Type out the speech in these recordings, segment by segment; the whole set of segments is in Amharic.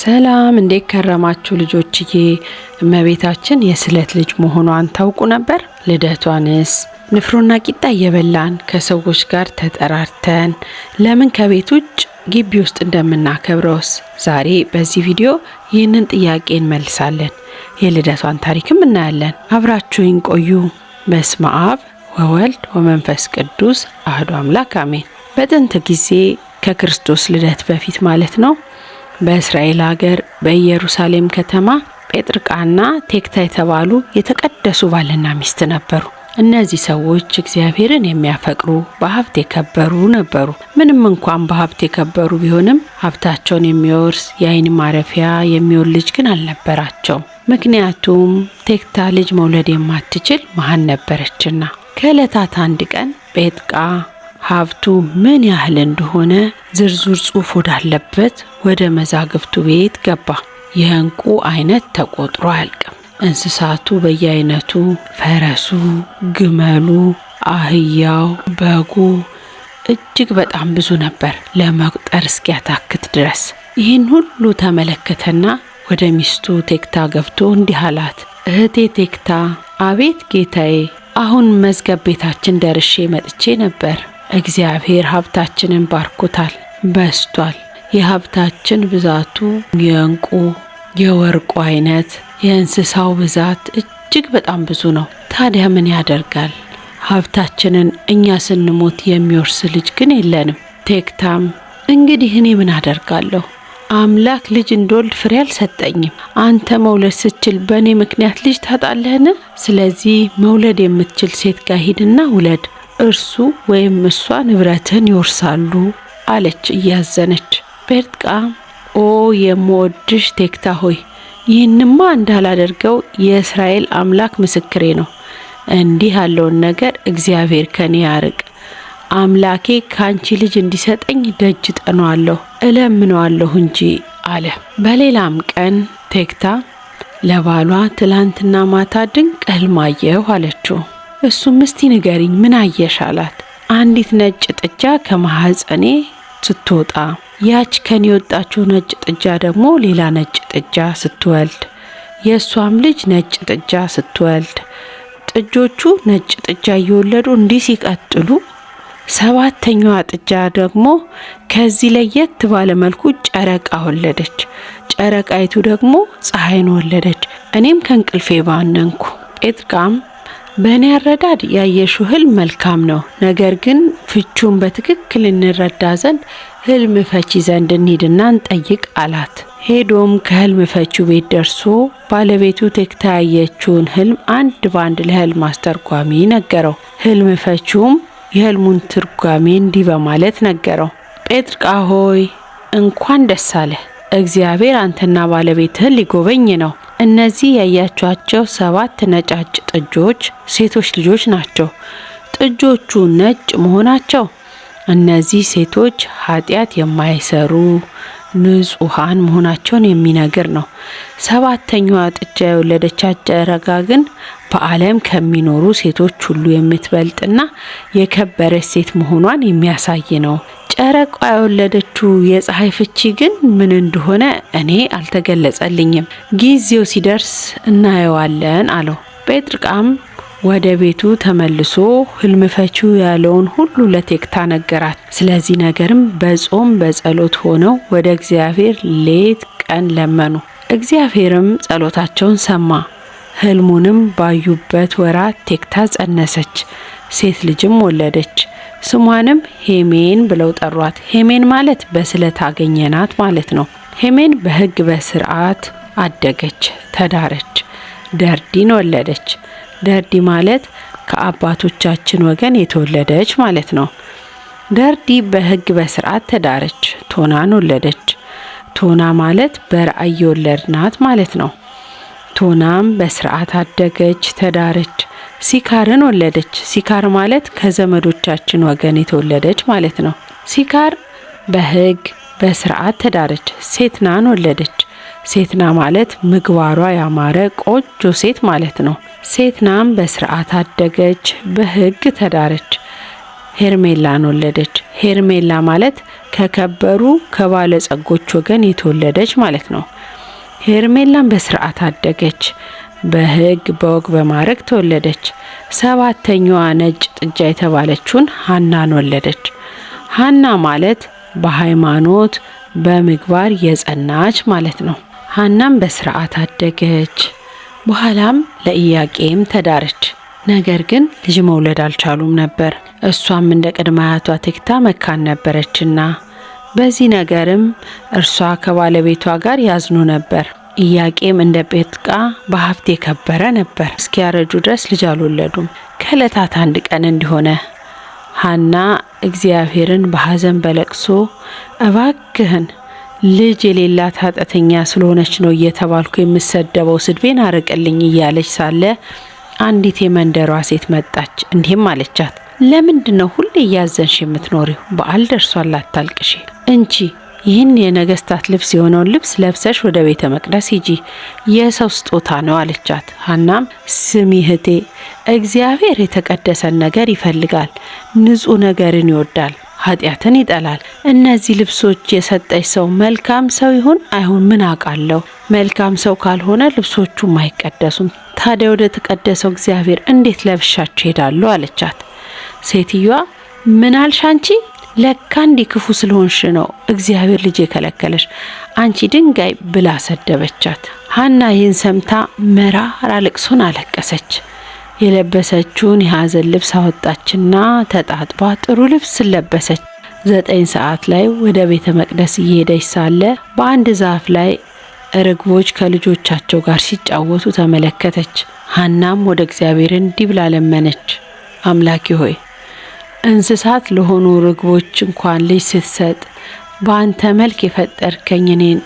ሰላም እንዴት ከረማችሁ ልጆችዬ? እመቤታችን የስለት ልጅ መሆኗን ታውቁ ነበር? ልደቷንስ ንፍሮና ቂጣ እየበላን ከሰዎች ጋር ተጠራርተን ለምን ከቤት ውጭ ግቢ ውስጥ እንደምናከብረውስ ዛሬ በዚህ ቪዲዮ ይህንን ጥያቄ እንመልሳለን። የልደቷን ታሪክም እናያለን። አብራችሁኝ ቆዩ። በስመ አብ ወወልድ ወመንፈስ ቅዱስ አህዶ አምላክ አሜን። በጥንት ጊዜ ከክርስቶስ ልደት በፊት ማለት ነው በእስራኤል ሀገር በኢየሩሳሌም ከተማ ጴጥርቃና ቴክታ የተባሉ የተቀደሱ ባልና ሚስት ነበሩ። እነዚህ ሰዎች እግዚአብሔርን የሚያፈቅሩ በሀብት የከበሩ ነበሩ። ምንም እንኳን በሀብት የከበሩ ቢሆንም ሀብታቸውን የሚወርስ የአይን ማረፊያ የሚሆን ልጅ ግን አልነበራቸውም። ምክንያቱም ቴክታ ልጅ መውለድ የማትችል መሀን ነበረችና። ከዕለታት አንድ ቀን ጴጥቃ ሀብቱ ምን ያህል እንደሆነ ዝርዝር ጽሑፍ ወዳለበት ወደ መዛግብቱ ቤት ገባ። የእንቁ አይነት ተቆጥሮ አያልቅም። እንስሳቱ በየአይነቱ ፈረሱ፣ ግመሉ፣ አህያው፣ በጉ እጅግ በጣም ብዙ ነበር፣ ለመቁጠር እስኪያታክት ድረስ። ይህን ሁሉ ተመለከተና ወደ ሚስቱ ቴክታ ገብቶ እንዲህ አላት። እህቴ ቴክታ፣ አቤት ጌታዬ፣ አሁን መዝገብ ቤታችን ደርሼ መጥቼ ነበር እግዚአብሔር ሀብታችንን ባርኮታል፣ በስቷል። የሀብታችን ብዛቱ የእንቁ የወርቁ አይነት የእንስሳው ብዛት እጅግ በጣም ብዙ ነው። ታዲያ ምን ያደርጋል? ሀብታችንን እኛ ስንሞት የሚወርስ ልጅ ግን የለንም። ቴክታም እንግዲህ እኔ ምን አደርጋለሁ? አምላክ ልጅ እንደወልድ ፍሬ አልሰጠኝም። አንተ መውለድ ስችል በእኔ ምክንያት ልጅ ታጣለህን? ስለዚህ መውለድ የምትችል ሴት ጋር ሂድና ውለድ እርሱ ወይም እሷ ንብረትን ይወርሳሉ አለች እያዘነች። ጴርጥቃም ኦ የምወድሽ ቴክታ ሆይ ይህንማ እንዳላደርገው የእስራኤል አምላክ ምስክሬ ነው። እንዲህ ያለውን ነገር እግዚአብሔር ከኔ ያርቅ። አምላኬ ከአንቺ ልጅ እንዲሰጠኝ ደጅ ጠኗዋለሁ እለምነዋለሁ እንጂ አለ። በሌላም ቀን ቴክታ ለባሏ ትላንትና ማታ ድንቅ ህልም አየሁ አለችው። እሱም እስቲ ንገሪኝ ምን አየሽ አላት። አንዲት ነጭ ጥጃ ከማህፀኔ ስትወጣ ያች ከኔ የወጣችው ነጭ ጥጃ ደግሞ ሌላ ነጭ ጥጃ ስትወልድ የእሷም ልጅ ነጭ ጥጃ ስትወልድ ጥጆቹ ነጭ ጥጃ እየወለዱ እንዲህ ሲቀጥሉ ሰባተኛዋ ጥጃ ደግሞ ከዚህ ለየት ባለ መልኩ ጨረቃ ወለደች። ጨረቃይቱ ደግሞ ፀሐይን ወለደች። እኔም ከእንቅልፌ ባነንኩ። ጴጥርቃም በእኔ አረዳድ ያየሽው ህልም መልካም ነው። ነገር ግን ፍቹን በትክክል እንረዳ ዘንድ ህልም ፈቺ ዘንድ እንሂድና እንጠይቅ አላት። ሄዶም ከህልም ፈቺው ቤት ደርሶ ባለቤቱ ቴክታ ህልም አንድ በአንድ ለህልም አስተርጓሚ ነገረው። ህልም ፈቺውም የህልሙን ትርጓሜ እንዲህ በማለት ነገረው። ጴጥርቃ ሆይ እንኳን ደስ አለህ። እግዚአብሔር አንተና ባለቤትህን ሊጎበኝ ነው። እነዚህ ያያችኋቸው ሰባት ነጫጭ ጥጆች ሴቶች ልጆች ናቸው። ጥጆቹ ነጭ መሆናቸው እነዚህ ሴቶች ኃጢአት የማይሰሩ ንጹሃን መሆናቸውን የሚነግር ነው። ሰባተኛዋ ጥጃ የወለደቻት ጨረቃ ግን በዓለም ከሚኖሩ ሴቶች ሁሉ የምትበልጥና የከበረች ሴት መሆኗን የሚያሳይ ነው። ጨረቋ የወለደችው የፀሐይ ፍቺ ግን ምን እንደሆነ እኔ አልተገለጸልኝም። ጊዜው ሲደርስ እናየዋለን አለው። ጴጥርቃም ወደ ቤቱ ተመልሶ ህልም ፈቺው ያለውን ሁሉ ለቴክታ ነገራት። ስለዚህ ነገርም በጾም በጸሎት ሆነው ወደ እግዚአብሔር ሌት ቀን ለመኑ። እግዚአብሔርም ጸሎታቸውን ሰማ። ህልሙንም ባዩበት ወራት ቴክታ ጸነሰች፣ ሴት ልጅም ወለደች። ስሟንም ሄሜን ብለው ጠሯት። ሄሜን ማለት በስለት አገኘናት ማለት ነው። ሄሜን በህግ በስርዓት አደገች፣ ተዳረች፣ ደርዲን ወለደች። ደርዲ ማለት ከአባቶቻችን ወገን የተወለደች ማለት ነው። ደርዲ በህግ በስርዓት ተዳረች፣ ቶናን ወለደች። ቶና ማለት በራእይ የወለድናት ማለት ነው። ቶናም በስርዓት አደገች፣ ተዳረች። ሲካርን ወለደች። ሲካር ማለት ከዘመዶቻችን ወገን የተወለደች ማለት ነው። ሲካር በህግ በስርዓት ተዳረች። ሴትናን ወለደች። ሴትና ማለት ምግባሯ ያማረ ቆጆ ሴት ማለት ነው። ሴትናም በስርዓት አደገች፣ በህግ ተዳረች። ሄርሜላን ወለደች። ሄርሜላ ማለት ከከበሩ ከባለጸጎች ወገን የተወለደች ማለት ነው። ሄርሜላን በስርዓት አደገች። በህግ በወግ በማድረግ ተወለደች። ሰባተኛዋ ነጭ ጥጃ የተባለችውን ሀናን ወለደች። ሀና ማለት በሃይማኖት በምግባር የጸናች ማለት ነው። ሀናም በስርዓት አደገች። በኋላም ለኢያቄም ተዳረች። ነገር ግን ልጅ መውለድ አልቻሉም ነበር። እሷም እንደ ቅድመ አያቷ ትክታ መካን ነበረችና በዚህ ነገርም እርሷ ከባለቤቷ ጋር ያዝኑ ነበር። ኢያቄም እንደ ጴጥቃ በሀብት የከበረ ነበር። እስኪያረጁ ድረስ ልጅ አልወለዱም። ከእለታት አንድ ቀን እንዲሆነ ሀና እግዚአብሔርን በሐዘን በለቅሶ እባክህን ልጅ የሌላት ኃጢአተኛ ስለሆነች ነው እየተባልኩ የምሰደበው ስድቤን አርቅልኝ እያለች ሳለ አንዲት የመንደሯ ሴት መጣች። እንዲህም አለቻት፣ ለምንድን ነው ሁሌ እያዘንሽ የምትኖሪው? በዓል ደርሷል አታልቅሺ እንቺ ይህን የነገስታት ልብስ የሆነውን ልብስ ለብሰሽ ወደ ቤተ መቅደስ ሂጂ፣ የሰው ስጦታ ነው አለቻት። ሀናም ስሚ እህቴ፣ እግዚአብሔር የተቀደሰን ነገር ይፈልጋል፣ ንጹህ ነገርን ይወዳል፣ ኃጢአትን ይጠላል። እነዚህ ልብሶች የሰጠች ሰው መልካም ሰው ይሁን አይሁን ምን አውቃለሁ? መልካም ሰው ካልሆነ ልብሶቹም አይቀደሱም። ታዲያ ወደ ተቀደሰው እግዚአብሔር እንዴት ለብሻቸው ሄዳሉ? አለቻት። ሴትዮዋ ምን አልሽ አንቺ ለካ እንዲ ክፉ ስለሆንሽ ነው እግዚአብሔር ልጅ የከለከለሽ አንቺ ድንጋይ ብላ ሰደበቻት። ሀና ይህን ሰምታ መራራ ልቅሶን አለቀሰች። የለበሰችውን የሀዘን ልብስ አወጣችና ተጣጥባ ጥሩ ልብስ ለበሰች። ዘጠኝ ሰዓት ላይ ወደ ቤተ መቅደስ እየሄደች ሳለ በአንድ ዛፍ ላይ ርግቦች ከልጆቻቸው ጋር ሲጫወቱ ተመለከተች። ሀናም ወደ እግዚአብሔር እንዲህ ብላ ለመነች፣ አምላኪ ሆይ እንስሳት ለሆኑ ርግቦች እንኳን ልጅ ስትሰጥ በአንተ መልክ የፈጠርከኝ እኔን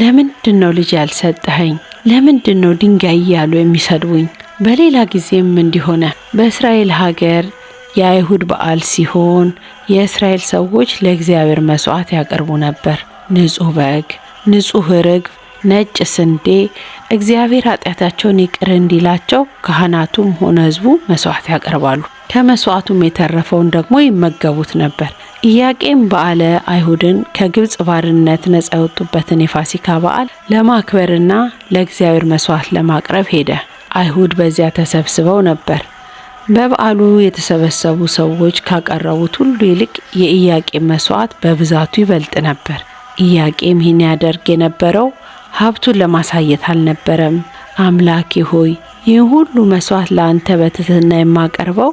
ለምንድን ነው ልጅ ያልሰጠኸኝ? ለምንድን ነው ድንጋይ እያሉ የሚሰድቡኝ? በሌላ ጊዜም እንዲሆነ በእስራኤል ሀገር የአይሁድ በዓል ሲሆን የእስራኤል ሰዎች ለእግዚአብሔር መስዋዕት ያቀርቡ ነበር። ንጹህ በግ፣ ንጹህ ርግብ ነጭ ስንዴ እግዚአብሔር ኃጢአታቸውን ይቅር እንዲላቸው ካህናቱም ሆነ ህዝቡ መስዋዕት ያቀርባሉ። ከመስዋዕቱም የተረፈውን ደግሞ ይመገቡት ነበር። ኢያቄም በዓለ አይሁድን ከግብፅ ባርነት ነጻ የወጡበትን የፋሲካ በዓል ለማክበርና ለእግዚአብሔር መስዋዕት ለማቅረብ ሄደ። አይሁድ በዚያ ተሰብስበው ነበር። በበዓሉ የተሰበሰቡ ሰዎች ካቀረቡት ሁሉ ይልቅ የኢያቄም መስዋዕት በብዛቱ ይበልጥ ነበር። ኢያቄም ይህን ያደርግ የነበረው ሀብቱን ለማሳየት አልነበረም። አምላኬ ሆይ ይህ ሁሉ መስዋዕት ለአንተ በትህትና የማቀርበው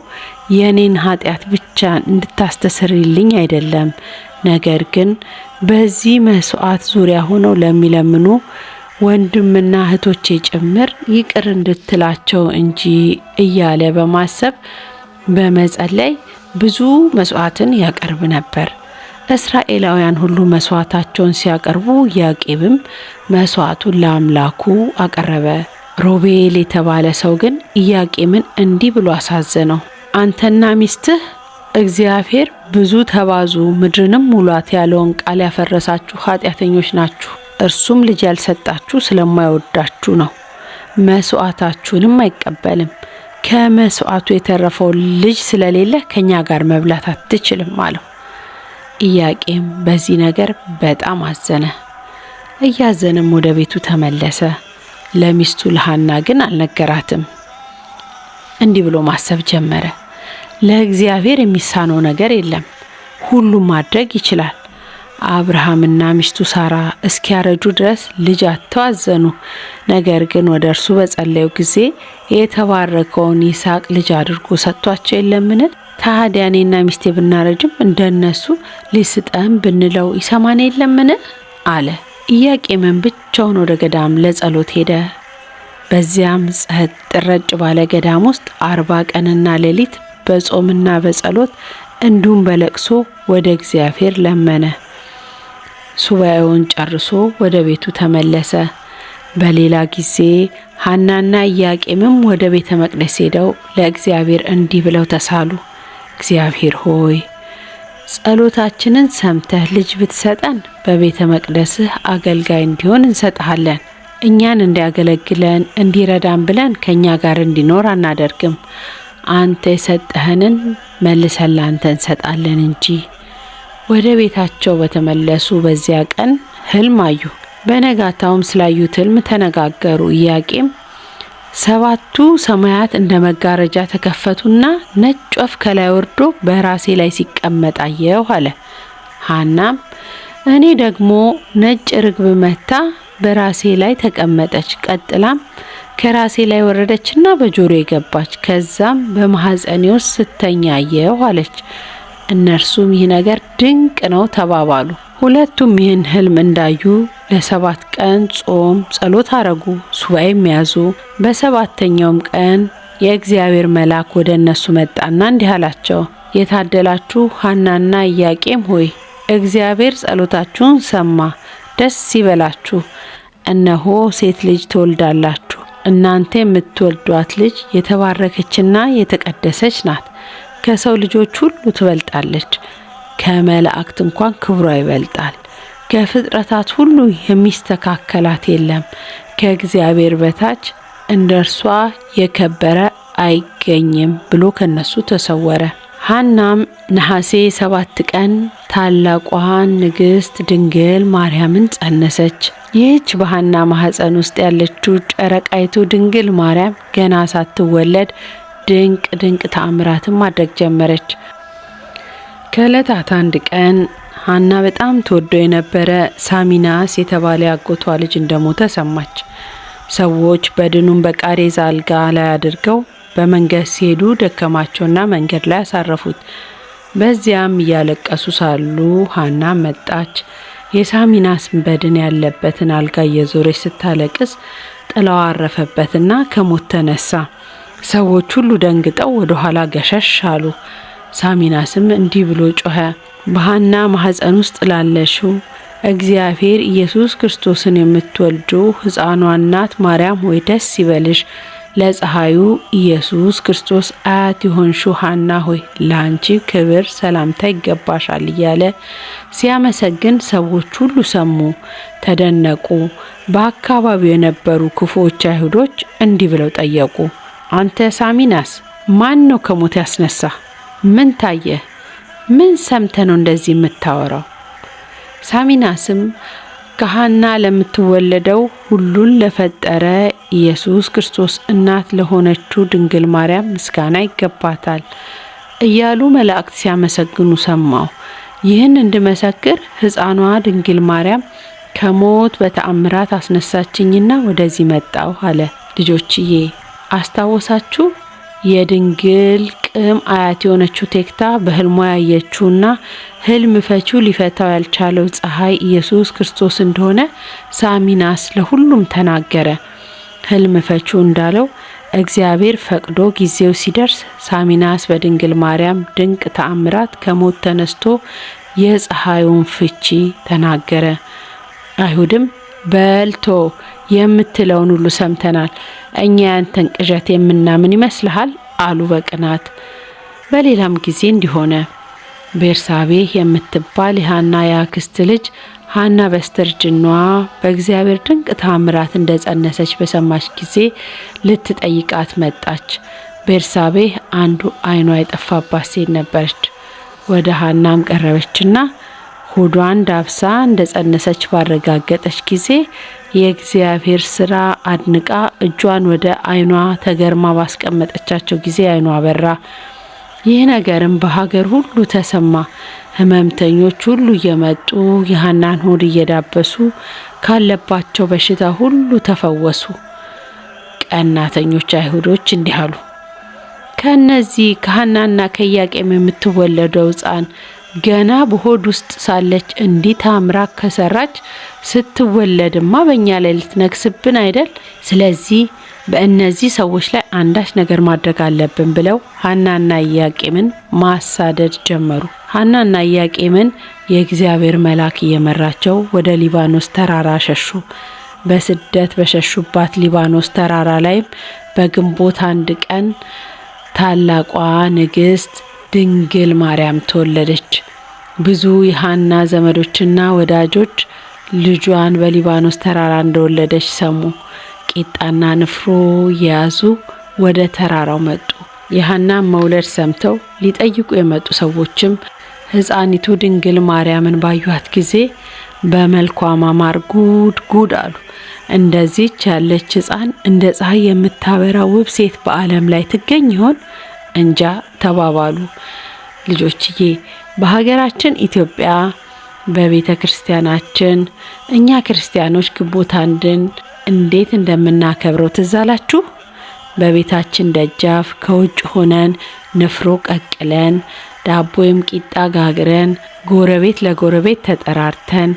የእኔን ኃጢአት ብቻ እንድታስተሰርልኝ አይደለም፣ ነገር ግን በዚህ መስዋዕት ዙሪያ ሆነው ለሚለምኑ ወንድምና እህቶቼ ጭምር ይቅር እንድትላቸው እንጂ እያለ በማሰብ በመጸለይ ብዙ መስዋዕትን ያቀርብ ነበር። እስራኤላውያን ሁሉ መስዋዕታቸውን ሲያቀርቡ ያቄብም መስዋዕቱን ለአምላኩ አቀረበ። ሮቤል የተባለ ሰው ግን ኢያቄምን እንዲህ ብሎ አሳዘነው። አንተና ሚስትህ እግዚአብሔር ብዙ ተባዙ ምድርንም ሙሏት ያለውን ቃል ያፈረሳችሁ ኃጢአተኞች ናችሁ። እርሱም ልጅ ያልሰጣችሁ ስለማይወዳችሁ ነው፣ መስዋዕታችሁንም አይቀበልም። ከመስዋዕቱ የተረፈው ልጅ ስለሌለ ከእኛ ጋር መብላት አትችልም አለው። ኢያቄም በዚህ ነገር በጣም አዘነ። እያዘነም ወደ ቤቱ ተመለሰ። ለሚስቱ ለሐና ግን አልነገራትም። እንዲህ ብሎ ማሰብ ጀመረ። ለእግዚአብሔር የሚሳነው ነገር የለም፣ ሁሉም ማድረግ ይችላል። አብርሃምና ሚስቱ ሳራ እስኪያረጁ ድረስ ልጅ አጥተው አዘኑ። ነገር ግን ወደ እርሱ በጸለዩ ጊዜ የተባረከውን ይስሐቅ ልጅ አድርጎ ሰጥቷቸው የለምን? ታዲያ እኔና ሚስቴ ብናረጅም እንደነሱ ሊስጠን ብንለው ይሰማን የለምን? አለ። ኢያቄምን ብቻውን ወደ ገዳም ለጸሎት ሄደ። በዚያም ጸጥ ጥረጭ ባለ ገዳም ውስጥ አርባ ቀንና ሌሊት በጾምና በጸሎት እንዲሁም በለቅሶ ወደ እግዚአብሔር ለመነ። ሱባኤውን ጨርሶ ወደ ቤቱ ተመለሰ። በሌላ ጊዜ ሀናና ኢያቄምም ወደ ቤተ መቅደስ ሄደው ለእግዚአብሔር እንዲህ ብለው ተሳሉ። እግዚአብሔር ሆይ ጸሎታችንን ሰምተህ ልጅ ብትሰጠን በቤተ መቅደስህ አገልጋይ እንዲሆን እንሰጥሃለን። እኛን እንዲያገለግለን እንዲረዳን ብለን ከእኛ ጋር እንዲኖር አናደርግም። አንተ የሰጠህንን መልሰን ላንተ እንሰጣለን እንጂ። ወደ ቤታቸው በተመለሱ በዚያ ቀን ህልም አዩ። በነጋታውም ስላዩት ህልም ተነጋገሩ። ኢያቄም ሰባቱ ሰማያት እንደ መጋረጃ ተከፈቱና ነጭ ወፍ ከላይ ወርዶ በራሴ ላይ ሲቀመጥ አየሁ አለ። ሀናም እኔ ደግሞ ነጭ ርግብ መታ በራሴ ላይ ተቀመጠች። ቀጥላም ከራሴ ላይ ወረደችና በጆሮ የገባች። ከዛም በማህፀኔ ውስጥ ስተኛ አየሁ አለች። እነርሱም ይህ ነገር ድንቅ ነው ተባባሉ። ሁለቱም ይህን ህልም እንዳዩ ለሰባት ቀን ጾም ጸሎት አረጉ፣ ሱባኤም ያዙ። በሰባተኛውም ቀን የእግዚአብሔር መልአክ ወደ እነሱ መጣና እንዲህ አላቸው፣ የታደላችሁ ሐናና ኢያቄም ሆይ እግዚአብሔር ጸሎታችሁን ሰማ፣ ደስ ይበላችሁ። እነሆ ሴት ልጅ ትወልዳላችሁ፣ እናንተ የምትወልዷት ልጅ የተባረከችና የተቀደሰች ናት፣ ከሰው ልጆች ሁሉ ትበልጣለች ከመላእክት እንኳን ክብሯ ይበልጣል። ከፍጥረታት ሁሉ የሚስተካከላት የለም። ከእግዚአብሔር በታች እንደ እርሷ የከበረ አይገኝም ብሎ ከነሱ ተሰወረ። ሐናም ነሐሴ ሰባት ቀን ታላቋን ንግሥት ድንግል ማርያምን ጸነሰች። ይህች በሐና ማኅፀን ውስጥ ያለችው ጨረቃይቱ ድንግል ማርያም ገና ሳትወለድ ድንቅ ድንቅ ተአምራትን ማድረግ ጀመረች። ከዕለታት አንድ ቀን ሀና በጣም ተወዶ የነበረ ሳሚናስ የተባለ ያጎቷ ልጅ እንደሞተ ሰማች። ሰዎች በድኑን በቃሬዛ አልጋ ላይ አድርገው በመንገድ ሲሄዱ ደከማቸውና መንገድ ላይ አሳረፉት። በዚያም እያለቀሱ ሳሉ ሀና መጣች። የሳሚናስ በድን ያለበትን አልጋ እየዞረች ስታለቅስ ጥላዋ አረፈበትና ከሞት ተነሳ። ሰዎች ሁሉ ደንግጠው ወደ ኋላ ገሸሽ አሉ። ሳሚናስም እንዲህ ብሎ ጮኸ። በሐና ማህፀን ውስጥ ላለሽው እግዚአብሔር ኢየሱስ ክርስቶስን የምትወልዱ ሕፃኗ እናት ማርያም ሆይ ደስ ይበልሽ። ለፀሐዩ ኢየሱስ ክርስቶስ አያት የሆንሽው ሐና ሆይ ለአንቺ ክብር ሰላምታ ይገባሻል እያለ ሲያመሰግን ሰዎች ሁሉ ሰሙ፣ ተደነቁ። በአካባቢው የነበሩ ክፉዎች አይሁዶች እንዲህ ብለው ጠየቁ፣ አንተ ሳሚናስ ማን ነው ከሞት ያስነሳ? ምን ታየህ? ምን ሰምተ ነው እንደዚህ የምታወራው? ሳሚናስም ከሃና ለምትወለደው ሁሉን ለፈጠረ ኢየሱስ ክርስቶስ እናት ለሆነችው ድንግል ማርያም ምስጋና ይገባታል እያሉ መላእክት ሲያመሰግኑ ሰማሁ። ይህን እንድመሰክር ሕፃኗ ድንግል ማርያም ከሞት በተአምራት አስነሳችኝና ወደዚህ መጣሁ አለ። ልጆችዬ አስታወሳችሁ? የድንግል ቅም አያት የሆነችው ቴክታ በህልሟ ያየችውና ህልም ፈቺው ሊፈታው ያልቻለው ፀሐይ ኢየሱስ ክርስቶስ እንደሆነ ሳሚናስ ለሁሉም ተናገረ። ህልም ፈቺው እንዳለው እግዚአብሔር ፈቅዶ ጊዜው ሲደርስ ሳሚናስ በድንግል ማርያም ድንቅ ተአምራት ከሞት ተነስቶ የፀሐዩን ፍቺ ተናገረ። አይሁድም በልቶ የምትለውን ሁሉ ሰምተናል፣ እኛ ያንተን ቅዠት የምናምን ይመስልሃል አሉ በቅናት። በሌላም ጊዜ እንዲሆነ ቤርሳቤ የምትባል የሀና የአክስት ልጅ ሐና በስተርጅኗ በእግዚአብሔር ድንቅ ታምራት እንደ ጸነሰች በሰማች ጊዜ ልትጠይቃት መጣች። ቤርሳቤ አንዱ አይኗ የጠፋባት ሴት ነበረች። ወደ ሀናም ቀረበችና ሆዷን ዳብሳ እንደ ጸነሰች ባረጋገጠች ጊዜ የእግዚአብሔር ስራ አድንቃ እጇን ወደ አይኗ ተገርማ ባስቀመጠቻቸው ጊዜ አይኗ በራ ይህ ነገርም በሀገር ሁሉ ተሰማ። ህመምተኞች ሁሉ እየመጡ የሀናን ሆድ እየዳበሱ ካለባቸው በሽታ ሁሉ ተፈወሱ። ቀናተኞች አይሁዶች እንዲህ አሉ፣ ከእነዚህ ከሀናና ከኢያቄም የምትወለደው ህፃን። ገና በሆድ ውስጥ ሳለች እንዴት አምራ ከሰራች ስትወለድማ በእኛ ላይ ልትነግስብን አይደል? ስለዚህ በእነዚህ ሰዎች ላይ አንዳች ነገር ማድረግ አለብን ብለው ሀናና ኢያቄምን ማሳደድ ጀመሩ። ሀናና ኢያቄምን የእግዚአብሔር መልአክ እየመራቸው ወደ ሊባኖስ ተራራ ሸሹ። በስደት በሸሹባት ሊባኖስ ተራራ ላይም በግንቦት አንድ ቀን ታላቋ ንግስት ድንግል ማርያም ተወለደች። ብዙ የሀና ዘመዶችና ወዳጆች ልጇን በሊባኖስ ተራራ እንደወለደች ሰሙ። ቂጣና ንፍሮ የያዙ ወደ ተራራው መጡ። የሐናን መውለድ ሰምተው ሊጠይቁ የመጡ ሰዎችም ሕፃኒቱ ድንግል ማርያምን ባዩት ጊዜ በመልኳ ማማር ጉድ ጉድ አሉ። እንደዚች ያለች ሕፃን እንደ ፀሐይ የምታበራ ውብ ሴት በዓለም ላይ ትገኝ ይሆን? እንጃ ተባባሉ። ልጆችዬ በሀገራችን ኢትዮጵያ በቤተ ክርስቲያናችን እኛ ክርስቲያኖች ግንቦት አንድን እንዴት እንደምናከብረው ትዛላችሁ በቤታችን ደጃፍ ከውጭ ሆነን ንፍሮ ቀቅለን ዳቦ ወይም ቂጣ ጋግረን ጎረቤት ለጎረቤት ተጠራርተን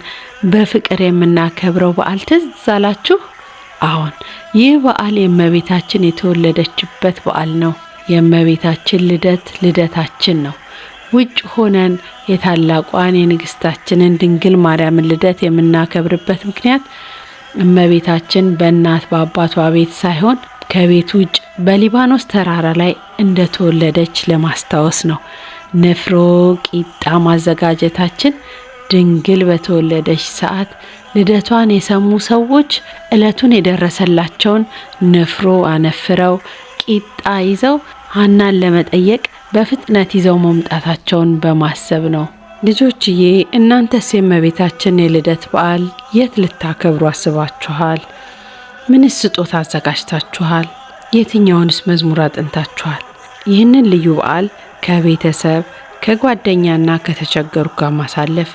በፍቅር የምናከብረው በዓል ትዛላችሁ አሁን ይህ በዓል የእመቤታችን የተወለደችበት በዓል ነው። የእመቤታችን ልደት ልደታችን ነው። ውጭ ሆነን የታላቋን የንግስታችንን ድንግል ማርያምን ልደት የምናከብርበት ምክንያት እመቤታችን በእናት በአባቷ ቤት ሳይሆን ከቤት ውጭ በሊባኖስ ተራራ ላይ እንደተወለደች ለማስታወስ ነው። ንፍሮ ቂጣ ማዘጋጀታችን ድንግል በተወለደች ሰዓት ልደቷን የሰሙ ሰዎች እለቱን የደረሰላቸውን ንፍሮ አነፍረው ቂጣ ይዘው ሐናን ለመጠየቅ በፍጥነት ይዘው መምጣታቸውን በማሰብ ነው። ልጆችዬ እናንተስ የእመቤታችን የልደት በዓል የት ልታከብሩ አስባችኋል? ምንስ ስጦታ አዘጋጅታችኋል? የትኛውንስ መዝሙር አጥንታችኋል? ይህንን ልዩ በዓል ከቤተሰብ ከጓደኛና ከተቸገሩ ጋር ማሳለፍ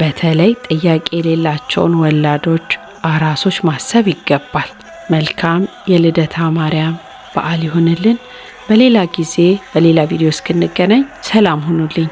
በተለይ ጥያቄ የሌላቸውን ወላዶች፣ አራሶች ማሰብ ይገባል። መልካም የልደታ ማርያም በዓል ይሁንልን። በሌላ ጊዜ በሌላ ቪዲዮ እስክንገናኝ ሰላም ሁኑልኝ።